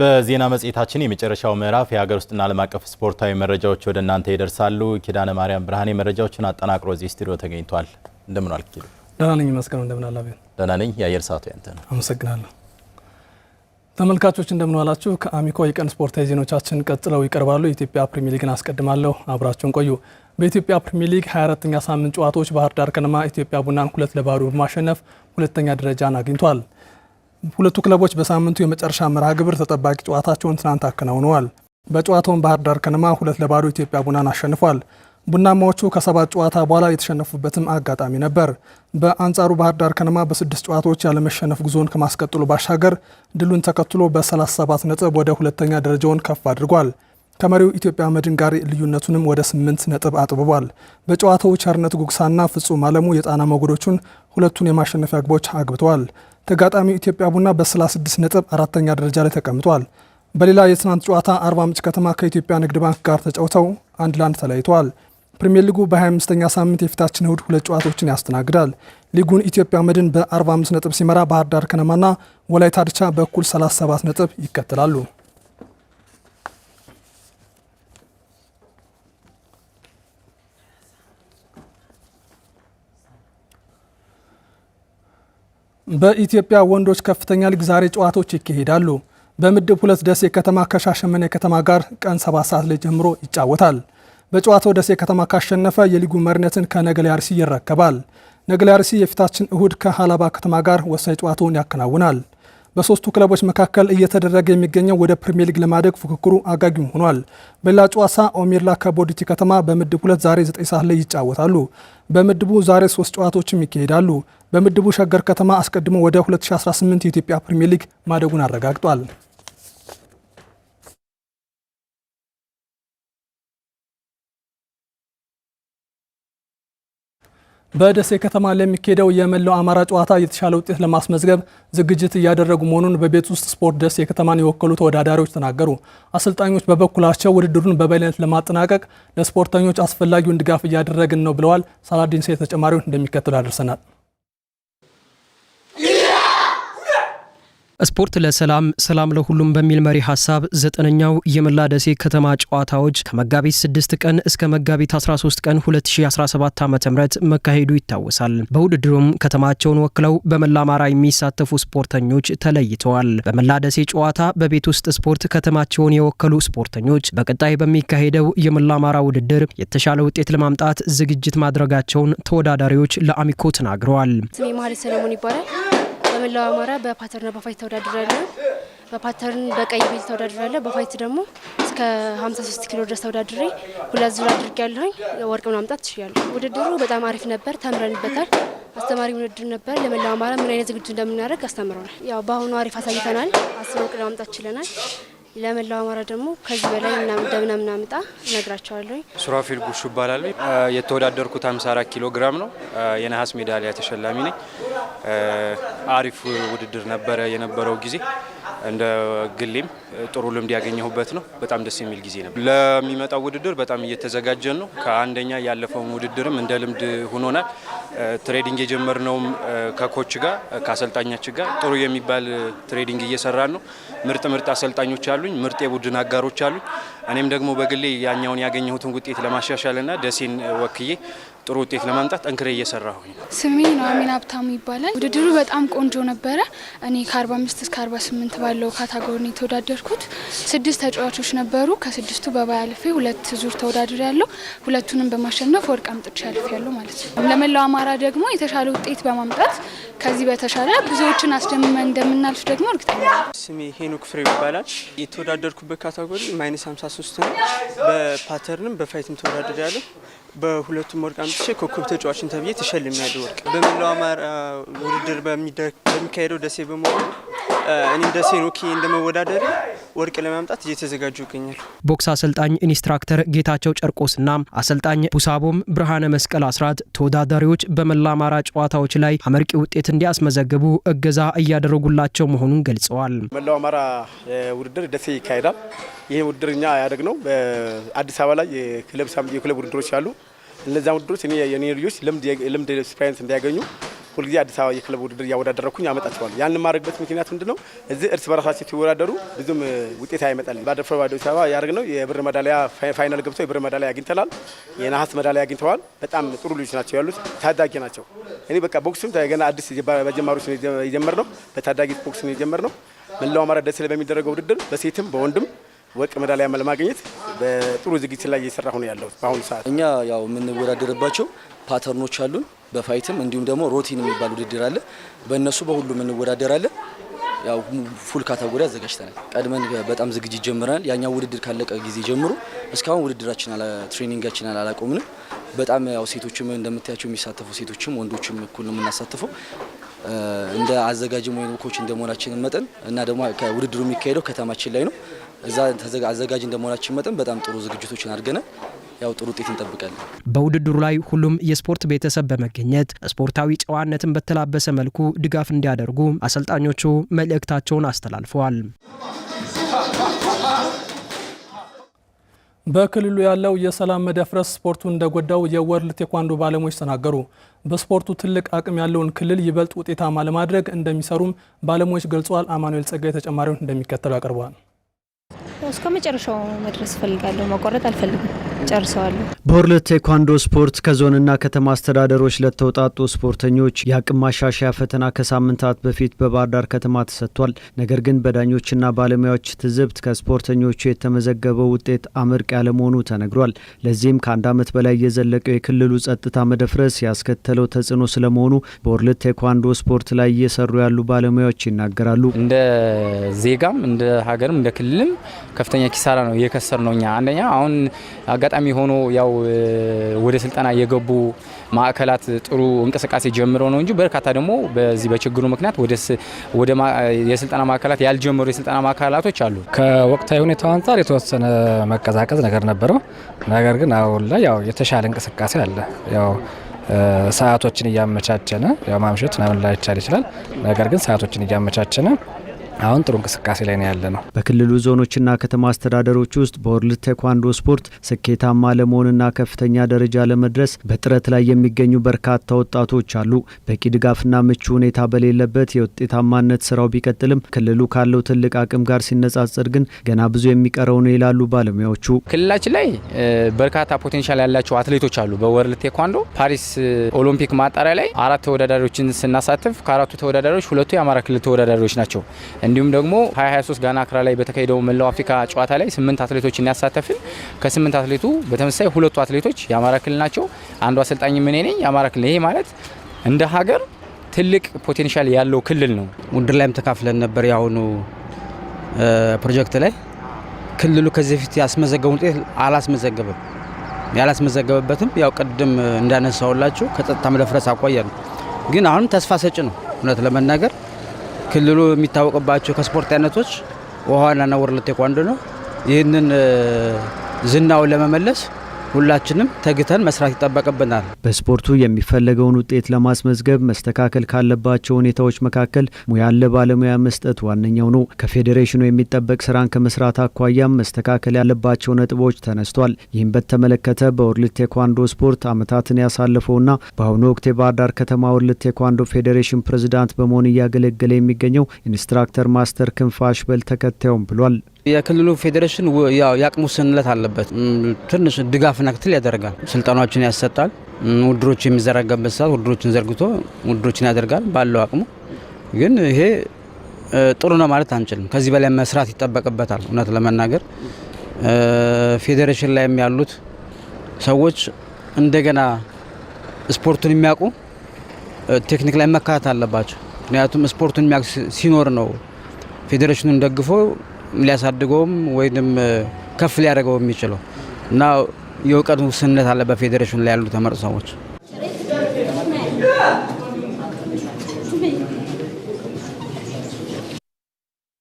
በዜና መጽሔታችን የመጨረሻው ምዕራፍ የሀገር ውስጥና ዓለም አቀፍ ስፖርታዊ መረጃዎች ወደ እናንተ ይደርሳሉ። ኪዳነ ማርያም ብርሃኔ መረጃዎችን አጠናቅሮ እዚህ ስቱዲዮ ተገኝቷል። እንደምን ኪዱ? ደህና ነኝ እንደምን አላ ደህና ነኝ። የአየር ሰዓቱ ያንተ ነው። አመሰግናለሁ። ተመልካቾች እንደምን ዋላችሁ። ከአሚኮ የቀን ስፖርታዊ ዜናዎቻችን ቀጥለው ይቀርባሉ። የኢትዮጵያ ፕሪሚየር ሊግን አስቀድማለሁ። አብራችሁን ቆዩ። በኢትዮጵያ ፕሪሚየር ሊግ 24ኛ ሳምንት ጨዋታዎች ባህር ዳር ከነማ ኢትዮጵያ ቡናን ሁለት ለባዶ በማሸነፍ ሁለተኛ ደረጃን አግኝቷል። ሁለቱ ክለቦች በሳምንቱ የመጨረሻ መርሃ ግብር ተጠባቂ ጨዋታቸውን ትናንት አከናውነዋል። በጨዋታውን ባህር ዳር ከነማ ሁለት ለባዶ ኢትዮጵያ ቡናን አሸንፏል። ቡናማዎቹ ከሰባት ጨዋታ በኋላ የተሸነፉበትም አጋጣሚ ነበር። በአንጻሩ ባህር ዳር ከነማ በስድስት ጨዋታዎች ያለመሸነፍ ጉዞን ከማስቀጠሉ ባሻገር ድሉን ተከትሎ በ37 ነጥብ ወደ ሁለተኛ ደረጃውን ከፍ አድርጓል። ከመሪው ኢትዮጵያ መድን ጋር ልዩነቱንም ወደ ስምንት ነጥብ አጥብቧል። በጨዋታው ቸርነት ጉግሳና ፍጹም አለሙ የጣና ሞገዶቹን ሁለቱን የማሸነፊያ ግቦች አግብተዋል። ተጋጣሚው ኢትዮጵያ ቡና በ36 ነጥብ አራተኛ ደረጃ ላይ ተቀምጧል። በሌላ የትናንት ጨዋታ አርባ ምንጭ ከተማ ከኢትዮጵያ ንግድ ባንክ ጋር ተጫውተው አንድ ለአንድ ተለያይተዋል። ፕሪምየር ሊጉ በ25ኛ ሳምንት የፊታችን እሁድ ሁለት ጨዋታዎችን ያስተናግዳል። ሊጉን ኢትዮጵያ መድን በ45 ነጥብ ሲመራ፣ ባህር ዳር ከነማና ወላይታ ድቻ በእኩል 37 ነጥብ ይከተላሉ። በኢትዮጵያ ወንዶች ከፍተኛ ሊግ ዛሬ ጨዋታዎች ይካሄዳሉ። በምድብ ሁለት ደሴ ከተማ ከሻሸመኔ ከተማ ጋር ቀን ሰባት ሰዓት ላይ ጀምሮ ይጫወታል። በጨዋታው ደሴ ከተማ ካሸነፈ የሊጉ መሪነትን ከነገሌ አርሲ ይረከባል። ነገሌ አርሲ የፊታችን እሁድ ከሀላባ ከተማ ጋር ወሳኝ ጨዋታውን ያከናውናል። በሶስቱ ክለቦች መካከል እየተደረገ የሚገኘው ወደ ፕሪሚየር ሊግ ለማደግ ፉክክሩ አጋጊም ሆኗል። በሌላ ጨዋታ ኦሜርላ ከቦዲቲ ከተማ በምድብ ሁለት ዛሬ 9 ሰዓት ላይ ይጫወታሉ። በምድቡ ዛሬ ሶስት ጨዋታዎችም ይካሄዳሉ። በምድቡ ሸገር ከተማ አስቀድሞ ወደ 2018 የኢትዮጵያ ፕሪምየር ሊግ ማደጉን አረጋግጧል። በደሴ ከተማ ለሚካሄደው የመላው አማራ ጨዋታ የተሻለ ውጤት ለማስመዝገብ ዝግጅት እያደረጉ መሆኑን በቤት ውስጥ ስፖርት ደሴ ከተማን የወከሉ ተወዳዳሪዎች ተናገሩ። አሰልጣኞች በበኩላቸው ውድድሩን በበላይነት ለማጠናቀቅ ለስፖርተኞች አስፈላጊውን ድጋፍ እያደረግን ነው ብለዋል። ሳላዲን ሴ ተጨማሪውን እንደሚከተሉ አድርሰናል። ስፖርት ለሰላም ሰላም ለሁሉም በሚል መሪ ሀሳብ ዘጠነኛው የመላ ደሴ ከተማ ጨዋታዎች ከመጋቢት 6 ቀን እስከ መጋቢት 13 ቀን 2017 ዓ ም መካሄዱ ይታወሳል። በውድድሩም ከተማቸውን ወክለው በመላ አማራ የሚሳተፉ ስፖርተኞች ተለይተዋል። በመላ ደሴ ጨዋታ በቤት ውስጥ ስፖርት ከተማቸውን የወከሉ ስፖርተኞች በቀጣይ በሚካሄደው የመላ አማራ ውድድር የተሻለ ውጤት ለማምጣት ዝግጅት ማድረጋቸውን ተወዳዳሪዎች ለአሚኮ ተናግረዋል። ስሜ መሀሪ ሰለሞን ይባላል። በመላው አማራ በፓተርና በፋይት ተወዳድሬያለሁ። በፓተርን በቀይ ቤል ተወዳድሬያለሁ። በፋይት ደግሞ እስከ 53 ኪሎ ድረስ ተወዳድሬ ሁለት ዙር አድርጌያለሁኝ። ወርቅ ማምጣት ችያለሁ። ውድድሩ በጣም አሪፍ ነበር፣ ተምረንበታል። አስተማሪ ውድድር ነበር። ለመላው አማራ ምን አይነት ዝግጅት እንደምናደርግ አስተምረናል። ያው በአሁኑ አሪፍ አሳይተናል። አስር ወርቅ ለማምጣት ችለናል። ለመላው አማራ ደግሞ ከዚህ በላይ እንደምናምናምጣ እነግራቸዋለሁ። ሱራፊል ጉሹ እባላለሁ። የተወዳደርኩት 54 ኪሎ ግራም ነው። የነሐስ ሜዳሊያ ተሸላሚ ነኝ። አሪፍ ውድድር ነበረ የነበረው ጊዜ። እንደ ግሌም ጥሩ ልምድ ያገኘሁበት ነው። በጣም ደስ የሚል ጊዜ ነበር። ለሚመጣው ውድድር በጣም እየተዘጋጀን ነው። ከአንደኛ ያለፈውን ውድድርም እንደ ልምድ ሆኖናል። ትሬዲንግ የጀመርነውም ከኮች ጋር ከአሰልጣኛችን ጋር ጥሩ የሚባል ትሬዲንግ እየሰራን ነው። ምርጥ ምርጥ አሰልጣኞች አሉኝ፣ ምርጥ የቡድን አጋሮች አሉኝ። እኔም ደግሞ በግሌ ያኛውን ያገኘሁትን ውጤት ለማሻሻልና ደሴን ወክዬ ጥሩ ውጤት ለማምጣት ጠንክሬ እየሰራሁኝ ነው። ስሜ ነው አሚን ሀብታሙ ይባላል። ውድድሩ በጣም ቆንጆ ነበረ። እኔ ከ45 እስከ 48 ባለው ካታጎሪ ነው የተወዳደርኩት። ስድስት ተጫዋቾች ነበሩ። ከስድስቱ በባይ አልፌ ሁለት ዙር ተወዳድር ያለው ሁለቱንም በማሸነፍ ወርቅ አምጥቼ አልፌ ያለው ማለት ነው። ለመላው አማራ ደግሞ የተሻለ ውጤት በማምጣት ከዚህ በተሻለ ብዙዎችን አስደምመን እንደምናልፍ ደግሞ እርግጠኛ ነው። ስሜ ሄኖክ ፍሬ ይባላል። የተወዳደርኩበት ካታጎሪ ማይነስ 53 ነው። በፓተርንም በፋይትም ተወዳድር ያለው በሁለቱም ወርቅ አምጥ ኮከብ ተጫዋችን ተብዬ ተሸልሜያለሁ። ወርቅ በመላው አማራ ውድድር በሚካሄደው ደሴ በመሆኑ እኔም ደሴን ወክዬ እንደመወዳደር ወርቅ ለማምጣት እየተዘጋጁ ይገኛሉ። ቦክስ አሰልጣኝ ኢንስትራክተር ጌታቸው ጨርቆስና አሰልጣኝ ቡሳቦም ብርሃነ መስቀል አስራት ተወዳዳሪዎች በመላ አማራ ጨዋታዎች ላይ አመርቂ ውጤት እንዲያስመዘግቡ እገዛ እያደረጉላቸው መሆኑን ገልጸዋል። መላው አማራ ውድድር ደሴ ይካሄዳል። ይህ ውድድር እኛ ያደግ ነው። በአዲስ አበባ ላይ የክለብ ውድድሮች አሉ። እነዚያ ውድድሮች የኔ ልጆች ልምድ ኤክስፔሪንስ እንዲያገኙ ሁልጊዜ አዲስ አበባ የክለብ ውድድር እያወዳደረኩኝ አመጣቸዋለሁ። ያን የማደርግበት ምክንያት ነው? እዚህ እርስ በራሳቸው ሲወዳደሩ ብዙም ውጤት አይመጣልም። ባለፈው አዲስ አበባ ነው የብር መዳሊያ ፋይናል ገብቶ የብር መዳሊያ አግኝተናል። የነሐስ መዳሊያ አግኝተዋል። በጣም ጥሩ ልጆች ናቸው ያሉት፣ ታዳጊ ናቸው። እኔ በቃ ቦክሱም ገና አዲስ በጀማሪዎች ነው በታዳጊ ቦክስ ነው የጀመር ነው። መላው አማራ ደሴ ላይ በሚደረገው ውድድር በሴትም በወንድም ወርቅ ሜዳሊያ ለማግኘት በጥሩ ዝግጅት ላይ እየሰራሁ ነው ያለሁት። በአሁኑ ሰዓት እኛ ያው የምንወዳደርባቸው ፓተርኖች አሉን በፋይትም እንዲሁም ደግሞ ሮቲን የሚባል ውድድር አለ። በእነሱ በሁሉም እንወዳደራለን። ያው ፉል ካታጎሪ አዘጋጅተናል። ቀድመን በጣም ዝግጅት ጀምረናል። ያኛው ውድድር ካለቀ ጊዜ ጀምሮ እስካሁን ውድድራችን ትሬኒንጋችን አላቆምንም። በጣም ያው ሴቶችም እንደምታያቸው የሚሳተፉ ሴቶችም ወንዶችም እኩል ነው የምናሳተፈው። እንደ አዘጋጅም ወይም ኮች እንደመሆናችን መጠን እና ደግሞ ውድድሩ የሚካሄደው ከተማችን ላይ ነው። እዛ አዘጋጅ እንደመሆናችን መጠን በጣም ጥሩ ዝግጅቶችን አድርገናል። ያው ጥሩ ውጤት እንጠብቃለን። በውድድሩ ላይ ሁሉም የስፖርት ቤተሰብ በመገኘት ስፖርታዊ ጨዋነትን በተላበሰ መልኩ ድጋፍ እንዲያደርጉ አሰልጣኞቹ መልእክታቸውን አስተላልፈዋል። በክልሉ ያለው የሰላም መደፍረስ ስፖርቱ እንደጎዳው የወርልድ ቴኳንዶ ባለሙያዎች ተናገሩ። በስፖርቱ ትልቅ አቅም ያለውን ክልል ይበልጥ ውጤታማ ለማድረግ እንደሚሰሩም ባለሙያዎች ገልጸዋል። አማኑኤል ጸጋይ ተጨማሪውን እንደሚከተሉ ያቀርበዋል። እስከ መጨረሻው መድረስ እፈልጋለሁ። መቆረጥ አልፈልግም። ጨርሰዋለሁ። በሁርለት ቴኳንዶ ስፖርት ከዞንና ከተማ አስተዳደሮች ለተውጣጡ ስፖርተኞች የአቅም ማሻሻያ ፈተና ከሳምንታት በፊት በባህር ዳር ከተማ ተሰጥቷል። ነገር ግን በዳኞችና ባለሙያዎች ትዝብት ከስፖርተኞቹ የተመዘገበው ውጤት አመርቅ ያለመሆኑ ተነግሯል። ለዚህም ከአንድ ዓመት በላይ የዘለቀው የክልሉ ጸጥታ መደፍረስ ያስከተለው ተጽዕኖ ስለመሆኑ በሁርለት ቴኳንዶ ስፖርት ላይ እየሰሩ ያሉ ባለሙያዎች ይናገራሉ። እንደ ዜጋም እንደ ሀገርም እንደ ክልልም ከፍተኛ ኪሳራ ነው እየከሰር ነው እኛ አንደኛ አሁን አጋጣሚ ሆኖ ያው ወደ ስልጠና የገቡ ማዕከላት ጥሩ እንቅስቃሴ ጀምረው ነው እንጂ በርካታ ደግሞ በዚህ በችግሩ ምክንያት ወደ የስልጠና ማዕከላት ያልጀመሩ የስልጠና ማዕከላቶች አሉ። ከወቅታዊ ሁኔታው አንጻር የተወሰነ መቀዛቀዝ ነገር ነበረው። ነገር ግን አሁን ላይ ያው የተሻለ እንቅስቃሴ አለ። ያው ሰዓቶችን እያመቻቸነ ያው ማምሸት ምናምን ላይቻል ይችላል። ነገር ግን ሰዓቶችን እያመቻቸነ አሁን ጥሩ እንቅስቃሴ ላይ ነው ያለ ነው። በክልሉ ዞኖችና ከተማ አስተዳደሮች ውስጥ በወርልድ ቴኳንዶ ስፖርት ስኬታማ ለመሆንና ከፍተኛ ደረጃ ለመድረስ በጥረት ላይ የሚገኙ በርካታ ወጣቶች አሉ። በቂ ድጋፍና ምቹ ሁኔታ በሌለበት የውጤታማነት ስራው ቢቀጥልም ክልሉ ካለው ትልቅ አቅም ጋር ሲነጻጸር ግን ገና ብዙ የሚቀረው ነው ይላሉ ባለሙያዎቹ። ክልላችን ላይ በርካታ ፖቴንሻል ያላቸው አትሌቶች አሉ። በወርልድ ቴኳንዶ ፓሪስ ኦሎምፒክ ማጣሪያ ላይ አራት ተወዳዳሪዎችን ስናሳትፍ ከአራቱ ተወዳዳሪዎች ሁለቱ የአማራ ክልል ተወዳዳሪዎች ናቸው። እንዲሁም ደግሞ 2023 ጋና አክራ ላይ በተካሄደው መላው አፍሪካ ጨዋታ ላይ ስምንት አትሌቶች ያሳተፍን ከስምንት አትሌቱ በተመሳሳይ ሁለቱ አትሌቶች የአማራ ክልል ናቸው። አንዱ አሰልጣኝ ምን ነኝ የአማራ ክልል ይሄ ማለት እንደ ሀገር ትልቅ ፖቴንሻል ያለው ክልል ነው። ውድድር ላይም ተካፍለን ነበር የአሁኑ ፕሮጀክት ላይ ክልሉ ከዚህ በፊት ያስመዘገቡ ውጤት አላስመዘገበም። ያላስመዘገበበትም ያው ቅድም እንዳነሳውላችሁ ከጸጥታ መደፍረስ አኳያ ነው። ግን አሁንም ተስፋ ሰጭ ነው እውነት ለመናገር ክልሉ የሚታወቅባቸው ከስፖርት አይነቶች ውሃና ዋናና ለቴኳንዶ ነው። ይህንን ዝናውን ለመመለስ ሁላችንም ተግተን መስራት ይጠበቅብናል። በስፖርቱ የሚፈለገውን ውጤት ለማስመዝገብ መስተካከል ካለባቸው ሁኔታዎች መካከል ሙያን ለባለሙያ መስጠት ዋነኛው ነው። ከፌዴሬሽኑ የሚጠበቅ ስራን ከመስራት አኳያም መስተካከል ያለባቸው ነጥቦች ተነስቷል። ይህም በተመለከተ በወርልድ ቴኳንዶ ስፖርት አመታትን ያሳለፈውና በአሁኑ ወቅት የባህር ዳር ከተማ ወርልድ ቴኳንዶ ፌዴሬሽን ፕሬዚዳንት በመሆን እያገለገለ የሚገኘው ኢንስትራክተር ማስተር ክንፋሽ አሽበል ተከታዩም ብሏል። የክልሉ ፌዴሬሽን የአቅሙ ስንለት አለበት። ትንሽ ድጋፍና ክትል ያደርጋል። ስልጠናዎችን ያሰጣል። ውድሮች የሚዘረጋበት ሰዓት ውድሮችን ዘርግቶ ውድሮችን ያደርጋል ባለው አቅሙ። ግን ይሄ ጥሩ ነው ማለት አንችልም። ከዚህ በላይ መስራት ይጠበቅበታል። እውነት ለመናገር ፌዴሬሽን ላይም ያሉት ሰዎች እንደገና ስፖርቱን የሚያውቁ ቴክኒክ ላይ መካተት አለባቸው። ምክንያቱም ስፖርቱን የሚያውቅ ሲኖር ነው ፌዴሬሽኑን ደግፎ ሊያሳድገውም ወይም ከፍ ሊያደርገው የሚችለው እና የእውቀት ውስንነት አለ በፌዴሬሽን ላይ ያሉ ተመርጥ ሰዎች